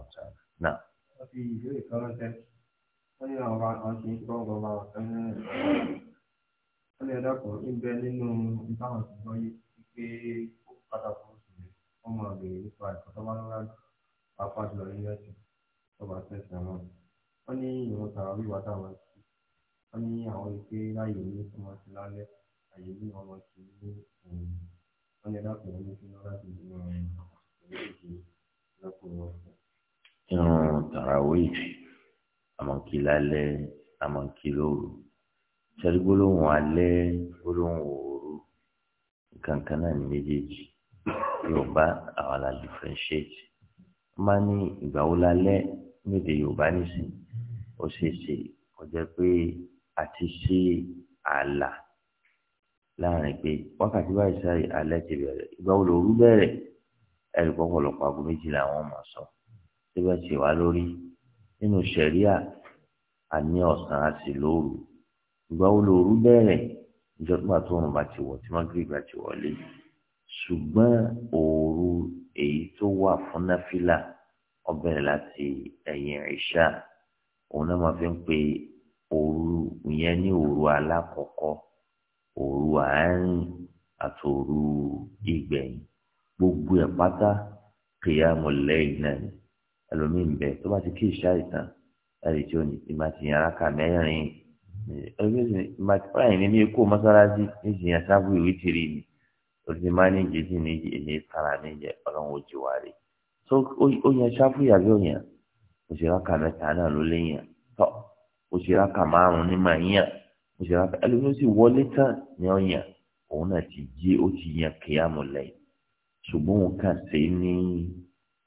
الله تعالى نعم wọ́n ní àwọn àti ìgbọ́ngbọ̀n máa wà tán nínú wọ́n ní ẹ̀dàkùn ìbẹ nínú ìbáwọn tó gbọ́ yìí pé ó pàtàkì oṣù rẹ̀ wọ́n máa bèèrè nípa ìfọ̀tọ́mọ́lá pàápàá jùlọ ní ẹ̀sìn tó bá tẹ̀sán náà wọ́n ní ìwọ̀n tààrà wíwá táwọn ti wọ́n ní àwọn ike láàyè ní fún wọn ti lálẹ́ àyè ní ọmọ ti ní òun wọ́n ní ẹ̀dàkùn tarawih àmọ̀kí lálẹ́ àmọ̀kí lóru sẹ́rí gbólóhùn alẹ́ gbólóhùn òru kankan náà ní méjèèjì yorùbá àwọn la differentiate wọ́n bá ní ìgbà wo lálẹ́ níbi yorùbá nìsín ó ṣeé ṣe kó jẹ́ pé àti ṣe ààlà láàrin pé wákàtí báyìí sáré alẹ́ ti bẹ̀rẹ̀ ìgbà wo lòru bẹ̀rẹ̀ ẹ̀rì pọ̀pọ̀lọpọ̀ aago méjìlá àwọn ọmọ sọ síbẹ̀ sì wá lórí nínú sẹ̀ríà àní ọ̀sán àti lóru ìgbà wo lóru bẹ̀rẹ̀ ìjọba tó rùn bá ti wọ̀ tí magrib bá ti wọlé ṣùgbọ́n òru èyí tó wà fún náfìlà ó bẹ̀rẹ̀ láti ẹ̀yìn ìṣá òun náà máa fi ń pe òru ìyẹn ní òru alákọ̀ọ́kọ́ òru àárín àti òru ìgbẹ̀yìn gbogbo ẹ̀ pátá qiyamul layl náà ni ẹlòmíì ń bẹ tó bá ti kí ìṣá ìtàn láti tí ò ní ìgbà tí yàn ráka mẹ́rin ìgbà tí báyìí ní ní ikú mọ́sálásí ní ti yàn sábú ìwé ti rí ni o ti máa ní jésì ní èyí kára ní ìjẹ ọlọ́run ojì wá rí so ó yàn sábú ìyàbí òyàn òṣèré ráka mẹ́ta náà ló léyàn tọ́ òṣèré ráka márùn-ún ní màá yàn òṣèré ráka ẹlòmíì ó sì wọlé tán ní ọ̀yàn òun náà ti jí ó ti yàn kíyàmù lẹ́yìn ṣùgbọ́n òun kà sí ní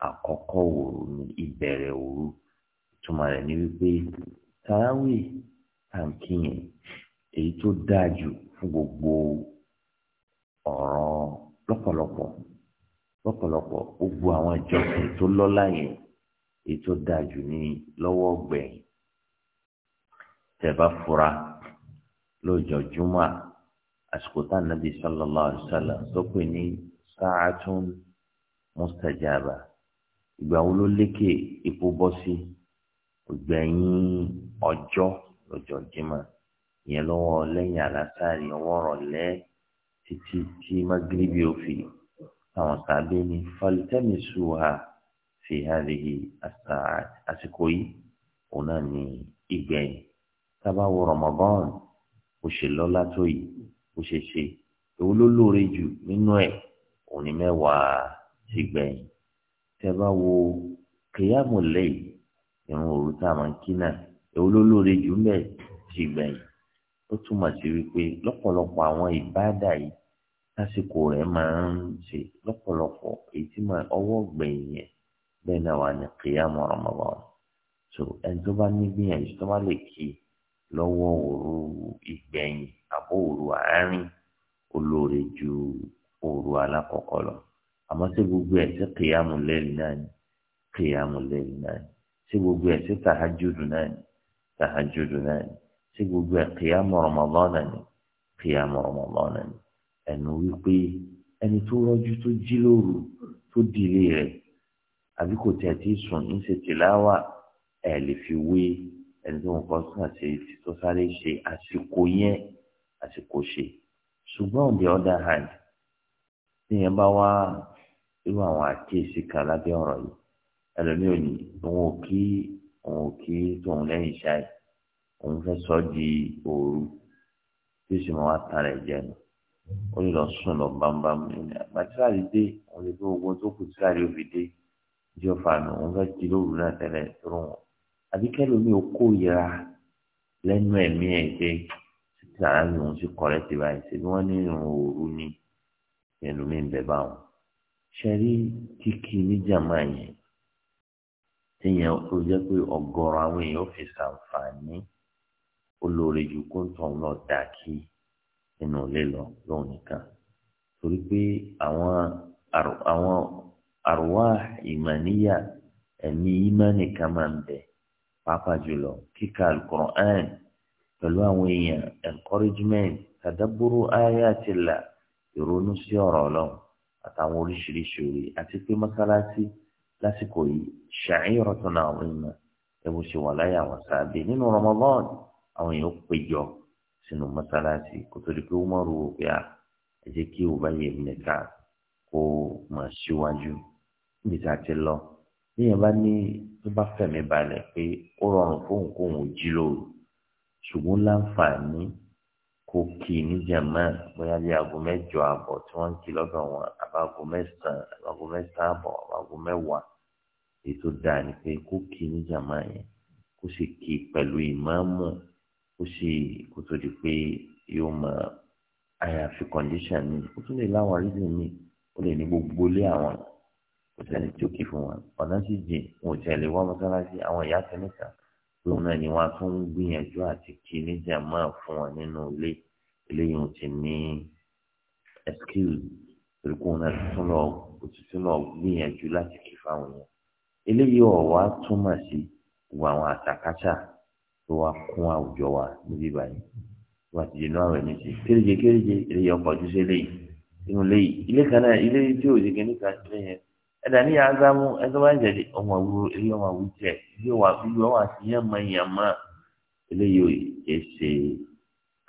àkọ́kọ́ òru ni ìbẹ̀rẹ̀ òru ìtumọ̀ rẹ̀ ni wípé tàráwì tàǹkì yẹn èyí tó dáa jù fún gbogbo ọ̀rọ̀ lọ́pọ̀lọpọ̀ lọ́pọ̀lọpọ̀ gbogbo àwọn ìjọsìn tó lọ́lá yẹn èyí tó dáa jù ní lọ́wọ́ gbẹ̀yìn tẹ̀bá fura lọ́jọ́ júmọ́ àsìkò tá a nàbí sallallahu alaihi wasallam tó pè ní sáàtún mustajaba ìgbà wo ló lékè epo bọ́ sí ìgbẹ̀yìn ọjọ́ lọ́jọ́ jimá ìyẹn lọ́wọ́ lẹ́yìn àlásàrì ọwọ́ rọ̀lẹ́ títí tí magrebi ó fi àwọn sábẹ́ ní falitẹ́mísùhà fi hàdìhì àsìkò yìí òun náà ní ìgbẹ̀yìn tábà wo Ramadan ó ṣe lọ́lá tó yìí ó èwo ló lóore jù nínú ẹ̀ òun mẹ́wàá ti gbẹ̀yìn tẹ bá wo kìyàmù lẹ́yìn ìrun òru tá a máa ń kí náà èwo ló lóore jù mẹ ti gbẹ̀yìn ó túmọ̀ sí wípé lọ́pọ̀lọpọ̀ àwọn ìbáàdà yìí lásìkò rẹ̀ máa ń ṣe lọ́pọ̀lọpọ̀ èyí tí máa ọwọ́ gbẹ̀yìn yẹn bẹ́ẹ̀ náà wà ní kìyàmù Ramadan so ẹni tó bá ní gbìyànjú tó bá lè kí lọ́wọ́ òru ìgbẹ̀yìn àbó òru àárín olóore ju òru alákọ̀ọ́kọ́ lọ àmọ́ sí gbogbo ẹ̀ sí kìyàmù lẹ́yìn náà ni kìyàmù lẹ́yìn náà ni sí gbogbo ẹ̀ sí tàhájúdù náà ni tàhájúdù náà ni sí gbogbo ẹ̀ kìyàmù Ramadana ni kìyàmù Ramadana ni ẹnu wípé ẹni tó rọ́jú tó jí lóru tó di ilé rẹ̀ àbí kò tẹ̀ tí sùn ń ṣe ẹ̀ lè fi wé ẹni tó ń kọ́ sùn tó sáré ṣe àsìkò yẹn àsìkò ṣe ṣùgbọ́n the other hand tíyẹn bá wá irú àwọn àkíyèsí kan lábẹ́ ọ̀rọ̀ yìí ẹlòmíì ò ní òun ò kí òun ò kí tóun lẹ́yìn ṣáì òun fẹ́ sọ di òru tí ó sì máa wá tan rẹ̀ jẹnu ó lè lọ sùn lọ bámbám ní àgbàtíláàrí dé òun lè fi ogun tó kù tíláàrí ó fi dé bí ó fàánù òun fẹ́ jí lóru náà tẹ́lẹ̀ tó wọn àbí kẹlòmíì ò kó ìra lẹ́nu ẹ̀mí ẹ̀ pé títí àárín òun sì kọ̀ rẹ́ báyìí ṣe bí wọ́n ní òru ni ẹlòmíì ń bẹ báwọn ṣẹ̀rí kíkì ní jàmá yẹn téèyàn ó jẹ́ pé ọ̀gọ̀rọ̀ àwọn èèyàn fi ṣàǹfààní olóore ju kó ń tàn lọ dà kí nínú ilé lọ lóun nìkan torí pé àwọn àwọn àrùwá ìmàníyà ẹ̀mí ìmánì kan máa ń bẹ pàápàá jùlọ kíkà alukur'an pẹ̀lú àwọn èèyàn encouragement tàdábúrú ayatillah ìrònú sí ọ̀rọ̀ ọlọ́run àtàwọn oríṣiríṣi orí àti pé mọ́sálásí lásìkò yìí sha'iratan 'azima ẹ̀wù ṣe wà láyé àwọn sáàbì nínú Ramadan àwọn èèyàn péjọ sínú mọ́sálásí kó tó di pé ó mọ̀rù wò pé à ẹ jẹ́ kí ó bá yẹ nìka kó máa ṣíwájú níbi tá a ti lọ níyẹn bá ní tó bá fẹ̀mí balẹ̀ pé ó rọrùn fóun kóun ò jí lóru ṣùgbọ́n láǹfààní kò kì í níjàmá bóyá bí aago mẹ́jọ àbọ̀ tí wọ́n ń kí lọ́dọ̀ wọn àbáago mẹ́sàn-án àbáago mẹ́sàn-án àbọ̀ àbáago mẹ́wàá èyí dáa ni pé kó kì í níjàmá yẹn kó sì kì í pẹ̀lú ìmáàmù kó sì kó tó di pé yóò máa àyàfi kọ̀ǹdíṣàn mi ó tún lè láwọn rídìí mi ó lè ní gbogbo lé àwọn kò sẹ́ni tí ó kì fún wọn ọ̀nà sì jìn wọn ò tiẹ̀ lè wá àwọn ìyá tẹ́lẹ̀ kan lóun náà ni wọ́n tún ń gbìyànjú àti kí níjàmá fún wọn nínú ilé eléyìí ti ní excuse ìrìkún náà tuntun lọ òtútù náà gbìyànjú láti kí fáwọn yẹn eléyìí ọ̀wá túmọ̀ sí gbogbo àwọn àtàkàṣà tó wá kún àwùjọ wa níbí báyìí wọ́n ti dènà àwọn ẹni sí kéréje kéréje eléyìí ọkọ̀ ojúṣe léyìí inú léyìí ilé kan náà ilé tí òjì kìíní kan sílẹ̀ yẹn ẹ̀dá ní azamu ẹ̀dọ́wà ìjẹ̀dẹ̀ ọmọ ìwúrò ilé ọmọ ìwú jẹ ilé wà ilé wà sí yànmọ́ yànmọ́ eléyìí èsè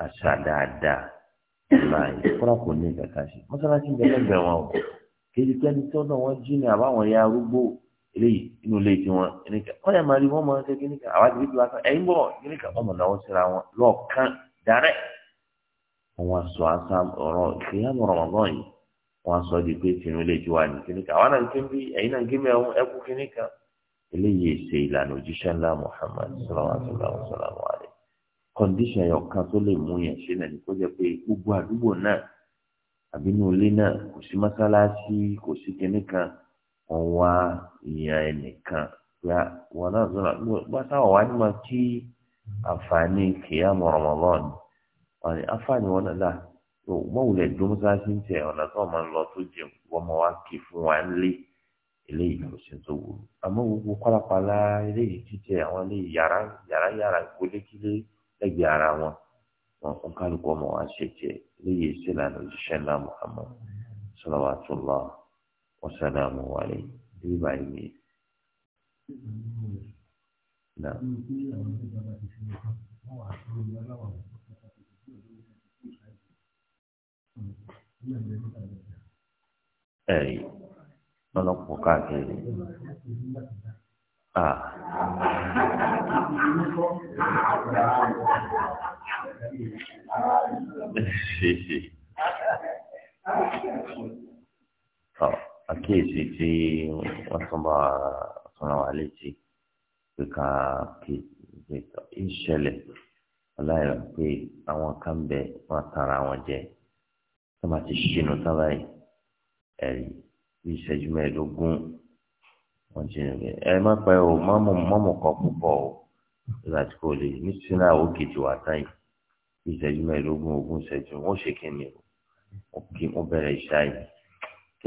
àṣà dáadáa láàyè kọ́ra kò ní ìgbà káṣí mọ́sálásí ń bẹ̀rẹ̀ bẹ̀rẹ̀ wọn o kejì pẹ́ni tí ọ̀dọ̀ wọn jí ni àbáwọn ya arúgbó eléyìí inú ilé tí wọn ẹnìkà wọ́n yà máa rí wọ́n máa ṣe kíníkà àwa ti fi wá kan ẹ̀yìn bọ̀ kíníkà wọ́n mọ̀ wọ́n sọ di pé tìǹbù lè ju àní kìnìkà àwọn náà ń kí bí ẹ̀yin náà ń kí bí ẹkú kìnìkà eléyìí ṣe ìlànà òjíṣẹ́ ńlá Muhammad sallallahu alaihi wa sallam kọ́ndíṣàn ọ̀kan tó lè mú yẹn ṣe náà ni kó jẹ́ pé gbogbo àdúgbò náà àbí ilé náà kò sí mọ́sálásí kò sí kinní kan wọ́n wá ẹnìkan ya wọn náà sọ̀rọ̀ wọ́n sáwọn wá ní ma kí àǹfààní kìyàmù Ramadan wọn ni àǹfààní wọn náà tó mọ̀wùlẹ̀ dún mọ́sáàsì ń tẹ̀ ọ̀nà tó máa ń lọ tó jẹun wọ́n mọ̀ wá kí fún wa lé eléyìí lọ sí tó wù àmọ́ gbogbo pálapàla eléyìí títẹ àwọn eléyìí yàrá yàrá yàrá ìkólékílé lẹ́gbẹ̀ẹ́ ara wọn wọn fún kálukú ọmọ wa ṣe tiẹ̀ eléyìí sí ìlànà òṣìṣẹ́ ńlá Muhammad salawatullah wa salamu alayhi bí báyìí ni. Nah ẹ̀rí lọ́lọ́pọ̀ káàkiri. Ah. àkíyèsí tí wọ́n tún bá sanra wà létí pé ká kí ìṣẹ̀lẹ̀ ọláìrán pé àwọn kan bẹ̀ wọ́n tara wọn jẹ́ tó máa ti ṣìnà tán báyìí ẹ̀rí bí ìṣẹ́jú mẹ́ẹ̀ẹ́dógún wọ́n ti rìn ẹ má pẹ́ o mọ́mù kan púpọ̀ o láti kó lè nísìnyí náà ó kejì wá táyì bí ìṣẹ́jú mẹ́ẹ̀ẹ́dógún ogún ìṣẹ́jú wọ́n ṣe kíni o kí wọ́n bẹ̀rẹ̀ ìṣáyì kí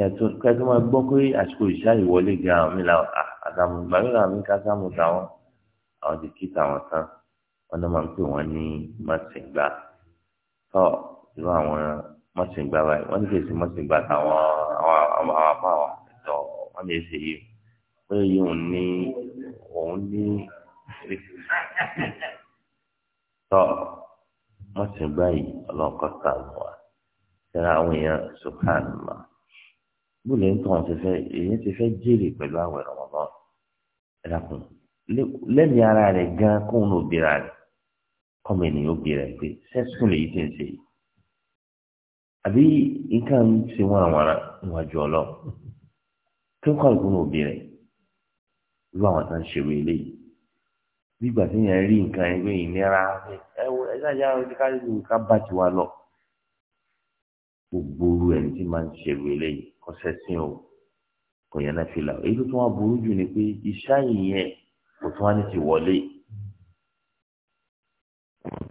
a tó máa gbọ́ pé àsìkò ìṣáyì wọlé gan àwọn mi làwọn àtàwọn gbàgbọ́dọ̀ àmì kásámù táwọn àwọn ti kí táwọn tán wọn náà máa ń pè wọ́n ní màsìngbà mọ́sìngbà báyìí wọ́n ní kí èsì mọ́sìngbà táwọn àwọn apá wa tọ̀ wọ́n lè ṣe yìí pé yìí òun ní òun ní tọ́ mọ́sìngbà yìí ọlọ́kọ́ ta lọ wa tẹ́lá àwọn èèyàn sùkánù mà bóòlù ń tàn ti fẹ́ èèyàn ti fẹ́ jèrè pẹ̀lú àwẹ̀ Ramadan ẹ̀dàkùn lẹ́mìí ara rẹ̀ gan kóun ló bira rẹ̀ kọ́mọ ó bira rẹ̀ pé sẹ́sùn lèyí ti ń ṣe yìí àbí nǹkan ń ṣe wọn àwọn ará níwájú ọlọ kí wọn kọ ìgbóná òbí rẹ irú àwọn tá ń ṣe wọ eléyìí nígbà tí yẹn rí nǹkan ẹgbẹ ìnira ẹ wo ẹ ṣáà yára ọdún káyọ ká bá ti lọ gbogbo orú ẹni tí máa ń ṣe wọ eléyìí kọsẹ sí o kò yẹn náà fi là èyí tó tún wá burú jù ni pé iṣẹ́ ìyẹn kò tún wá ní ti wọlé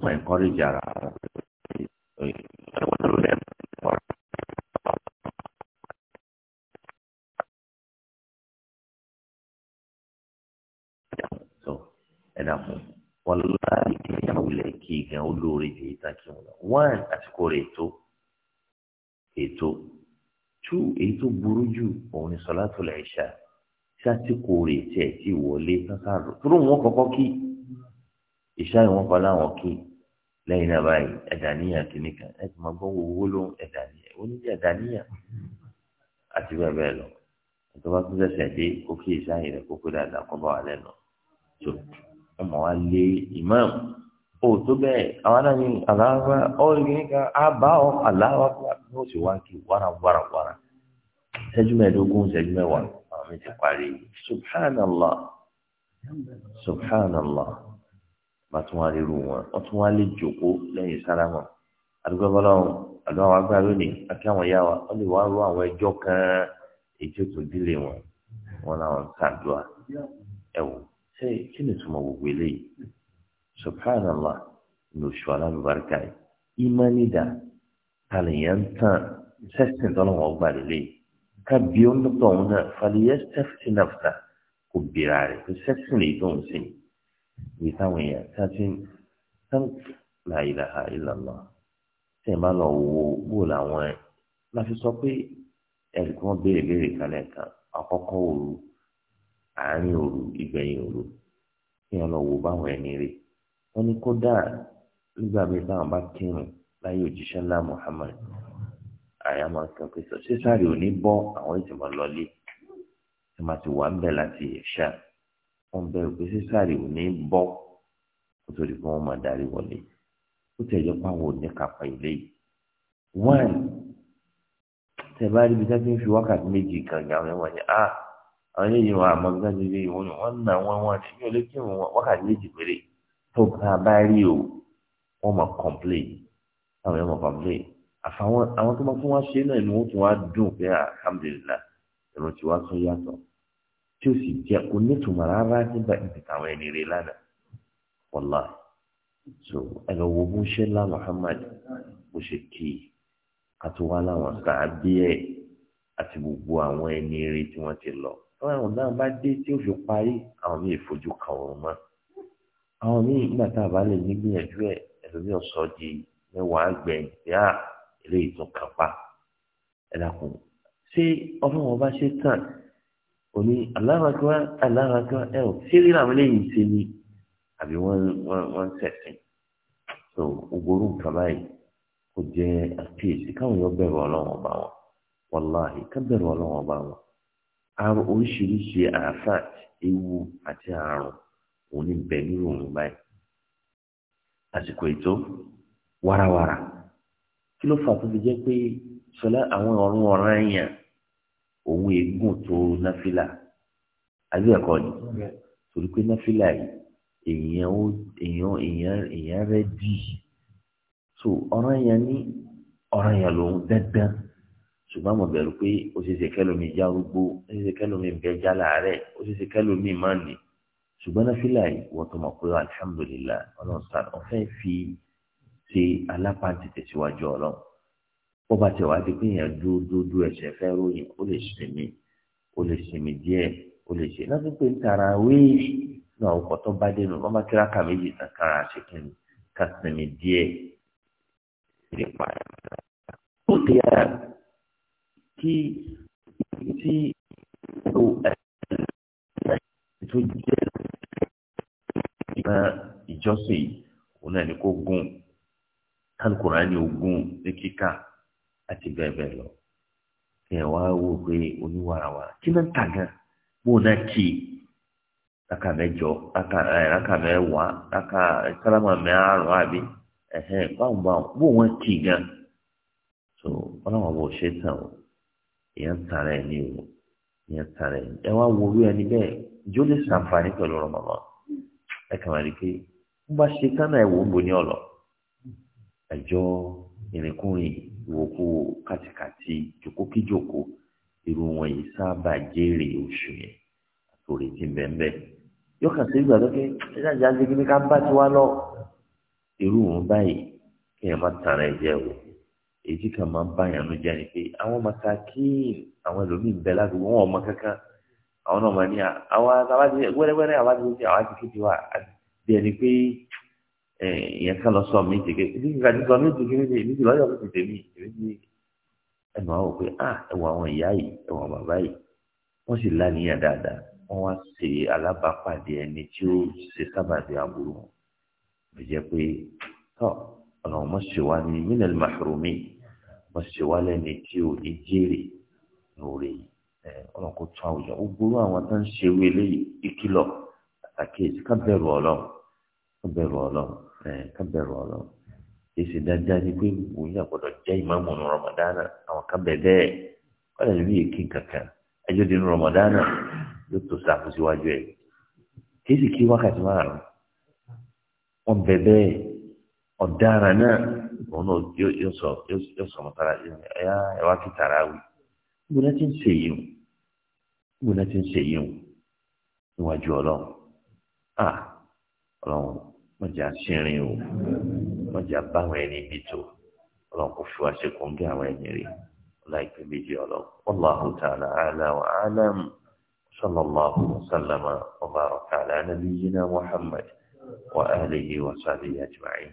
wọn ẹ̀kọ́ rí jàrá ẹ̀wọ̀n ló lẹ́nu. ẹ̀dá fún wọn láàyè kí ìyàwó lẹ̀ kí gan olóore jẹ́ ìta kí wọn lọ one àsìkò rẹ̀ ètò ètò two èyí tó burú jù òun ni sọlátù l'Ìṣà sásìkò rẹ̀ tiẹ̀ ti wọlé sásáàdù tóró wọn kọ́kọ́ kí ìṣá ìwọ̀n pa láwọn kí lẹ́yìn náà báyìí ẹ̀dàníyà kìíní kan ẹ̀ tó máa gbọ́ owó ló ń ẹ̀dàníyà oníjẹ́ ẹ̀dàníyà àti bẹ́ẹ̀ bẹ́ẹ̀ lọ ìjọba tó fẹsẹ̀ dé kó kí ìṣá yìí rẹ̀ kó pé dáadáa kó bá wà lẹ́nu tó. ọmọ wa lé imam o tó bẹ́ẹ̀ àwọn náà ní aláwa ọ̀rẹ́ yìí kan bá ọ ní oṣù wa kì wàrà wàrà wàrà ṣẹ́jú mẹ́ẹ̀ẹ́dógún ṣẹ́jú mẹ́wàá àwọn mi ti parí subhanallah subhanallah bá tún wá rírun wọn wọ́n tún wá lè jòkó lẹ́yìn àdúgbò bọ́lá wọn àwọn agbára lónìí akẹ́ àwọn ìyá wa wọ́n lè wá rú àwọn ẹjọ́ kan wọn ń ṣe kí ni túmọ̀ gbogbo eléyìí subhanallah ní oṣù alábàárìkà yìí ìmánidà tàlẹ̀yàn tán sẹ́sìn tọ́lọ́wọ́n gbà lélẹ̀ kábí ọ̀nàtọ̀ ọ̀hún náà falẹ̀yẹ sẹ́fìtì náà kò bìrà rẹ̀ kò sẹ́sìn lè tó ń sìn ní táwọn èèyàn tájí tán la ilaha illallah tẹ̀ máa lọ wo bó làwọn ẹ̀ máa sọ pé ẹ̀rì béèrè béèrè kalẹ̀ kan àkọ́kọ́ òru àárín òru ìgbẹ̀yìn òru kí wọn lọ wo báwọn ẹni rè wọn ní kódà nígbà míì táwọn bá kírun láyé òjíṣẹ́ ńlá Muhammad àyà máa ń kàn pé sọ sísáré ò ní bọ́ àwọn ìtìmọ̀ lọlé ẹ máa ti wà ń bẹ̀ láti ẹ̀ṣà wọn bẹ̀rù pé sísáré ò ní bọ́ kó tó di pé wọ́n máa darí wọlé ó tẹ̀ yọ pé ò ní kápá ilé yìí one tẹ̀ bá rí ibi tá a ń fi wákàtí méjì kan gàwọn ni ah àwọn yìí wọn àmọ́ gbájú ilé ìwọ ni wọ́n nà wọ́n wọ́n ní yóò lè kí wọn wákàtí méjì péré tó bá bá rí o wọ́n mọ̀ complain àwọn yẹn mọ̀ complain àfàwọn àwọn tó bá tún wá ṣe náà ni wọ́n tún wá dùn pé ah, alhamdulilah ẹ̀rọ tí wàá tún yàtọ̀ tí ó sì jẹ́ kó nítumọ̀ rárá nígbà ibi táwọn ẹni rè lánàá wọ́lá so ẹ̀rọ wo bó ṣe lá Muhammad bó ṣe kí àtúwálá wọn sàá bí ẹ̀ àti gbogbo àwọn ẹni rè tí wọ́n ti lọ wọn náà bá dé tí ó fi parí àwọn míì fojú kan òun mọ́ àwọn míì nígbà tá a bá lè nígbìyànjú ẹ ẹlòmíì ọsọ di mẹ́wàá gbẹ̀yìn pé à ah, eléyìí tún kàn pa ẹ dàkún ṣé ọlọ́run ọba ṣe tàn òní alárakọ alárakọ ẹ ò ṣé rírà wọn lẹ́yìn ṣe ni àbí wọ́n wọ́n wọ́n ṣẹ̀sìn so ogorun kan báyìí kò jẹ́ àkíyèsí káwọn yóò bẹ̀rù ọlọ́run ọba wọn wàláhì ká bẹ̀rù ọlọ́run ọba wọn àrùn oríṣiríṣi àáfàt ewu àti àrùn òun ní bẹ nínú òun báyìí àsìkò ètò wàràwàrà kí ló fà tó fi jẹ́ pé sọlá àwọn ọ̀run ọ̀ràn èèyàn òun ègún tó náfìlà àbí ẹ̀kọ́ ni torí pé náfìlà èèyàn ó dì so ọ̀ràn èèyàn ní ọ̀ràn èèyàn lòun dandan ṣùgbọ́n mo bẹ̀rù pé ó ṣe ṣe kẹ́lómi já arúgbó ó ṣe ṣe kẹ́lómi bẹ́ẹ̀ já láàárẹ̀ ó ṣe ṣe kẹ́lómi má nì ṣùgbọ́n náfìlà yìí wọ́n tó mọ̀ pé alihamudulilayi ọlọ́run sàn ọ̀fẹ́ fi ṣe alápáǹtì tẹ̀síwájú ọlọ́run bó bá ti wá di pé èèyàn dúró dúró dúró ẹ̀ṣẹ̀ fẹ́ ròyìn ó lè sinmi ó lè sinmi díẹ̀ ó lè ṣe láti pé ń tara wéèyì náà ó kọ́ bá dénú wọ́n bá kíráka méjì tán kára ṣe kí ni ká sinmi díẹ̀ ó lè yára tí tí o tó jẹ́ ìran ìjọsìn òun náà ni kó gùn kálukùrá ni ogún ní kíkà àti bẹ́ẹ̀ bẹ́ẹ̀ lọ ẹ wá wò pé oníwàràwàrà kí ló ń tà gan bóun náà kì í aka mẹ́jọ aka ẹ aka mẹ́wàá aka sálámà mẹ́àrún àbí ẹhẹ báwọn báwọn bóun wọn kì í gan so wọn náà wọn bò ṣe tán o èèyàn tara ẹ̀ ní o èèyàn tara ẹ̀ ẹ wá wo orí ẹni bẹ́ẹ̀ jó lè ṣàǹfààní pẹ̀lú Ramadan ẹ kàn wá rí i pé ń bá ṣe kánà ẹ̀ wò ń bo ní ọ̀lọ́ ẹjọ́ ìrìnkúrìn ìwòkú kàtìkàtì jòkókíjòkó irú wọn yìí sábà jèrè oṣù yẹn àtòrí ti bẹ́ẹ̀ yóò kàn sí ìgbà tó ké ẹjá ìjà ń kí ní ká bá tiwa lọ irú wọn báyìí kí ẹ má tara ẹ jẹ o èyí tí kan máa ń báyàn ló jẹ́ ni pé àwọn masakin àwọn ẹlòmíì ń bẹ ládùúgbò wọn ọmọ kankan àwọn náà máa ní àwọn àti wẹ́rẹ́wẹ́rẹ́ àwọn àti wípé àwọn àti kéde wa bí ẹni pé ìyẹn kan lọ sọ mí jẹgẹ ibi kíkà ti sọ mí jẹgẹ méjì méjì lọ́yọ̀ ló ti tèmi èmi ti ẹnu àwọn pé ah ẹwọ àwọn ìyá yìí ẹwọ bàbá yìí wọ́n sì lánìyàn dáadáa wọ́n wá ṣe alábàápàdé ẹni tí ó ṣe sábàdé àbúrò wọn ló jẹ́ pé tọ́ ọ̀nà ọmọ ṣe wá ní wọ́n sì ṣe wá lẹ́ni tí ò ní jèrè lórí ọ̀nà kó tún àwùjọ ó gbúrú àwọn tó ń ṣe wí eléyìí ìkìlọ̀ àtàkìyèsí ká bẹ̀rù ọlọ́run ká bẹ̀rù ọlọ́run ká bẹ̀rù ọlọ́run èsì dáadáa ni pé òun yà gbọ́dọ̀ jẹ́ ìmáàmù ní rọmọdánà àwọn kan bẹ̀ bẹ́ẹ̀ wọ́n lè rí èké kankan ẹjọ́ di ní rọmọdánà yóò tó sàkóso síwájú ẹ̀ kéèsì kí wákàtí márùn-ún wọ́n bẹ̀ bẹ́ẹ̀ ọ̀daràn náà òun náà yóò sọ yóò sọ mọ́tara ẹ̀yà ẹ̀wá kí tara wì ìwé náà ti ń ṣe yìí o ìwé náà ti ń ṣe yìí o níwájú ọlọ́run à ọlọ́run mọ̀jà ṣìnrìn o mọ̀jà báwọn ẹni bí tó ọlọ́run kò fi wá ṣe kún bí àwọn ẹni rè láìpẹ́ méjì ọlọ́run wallahu ta'ala a'la wa صلى الله وسلم وبارك على نبينا محمد وآله وصحبه أجمعين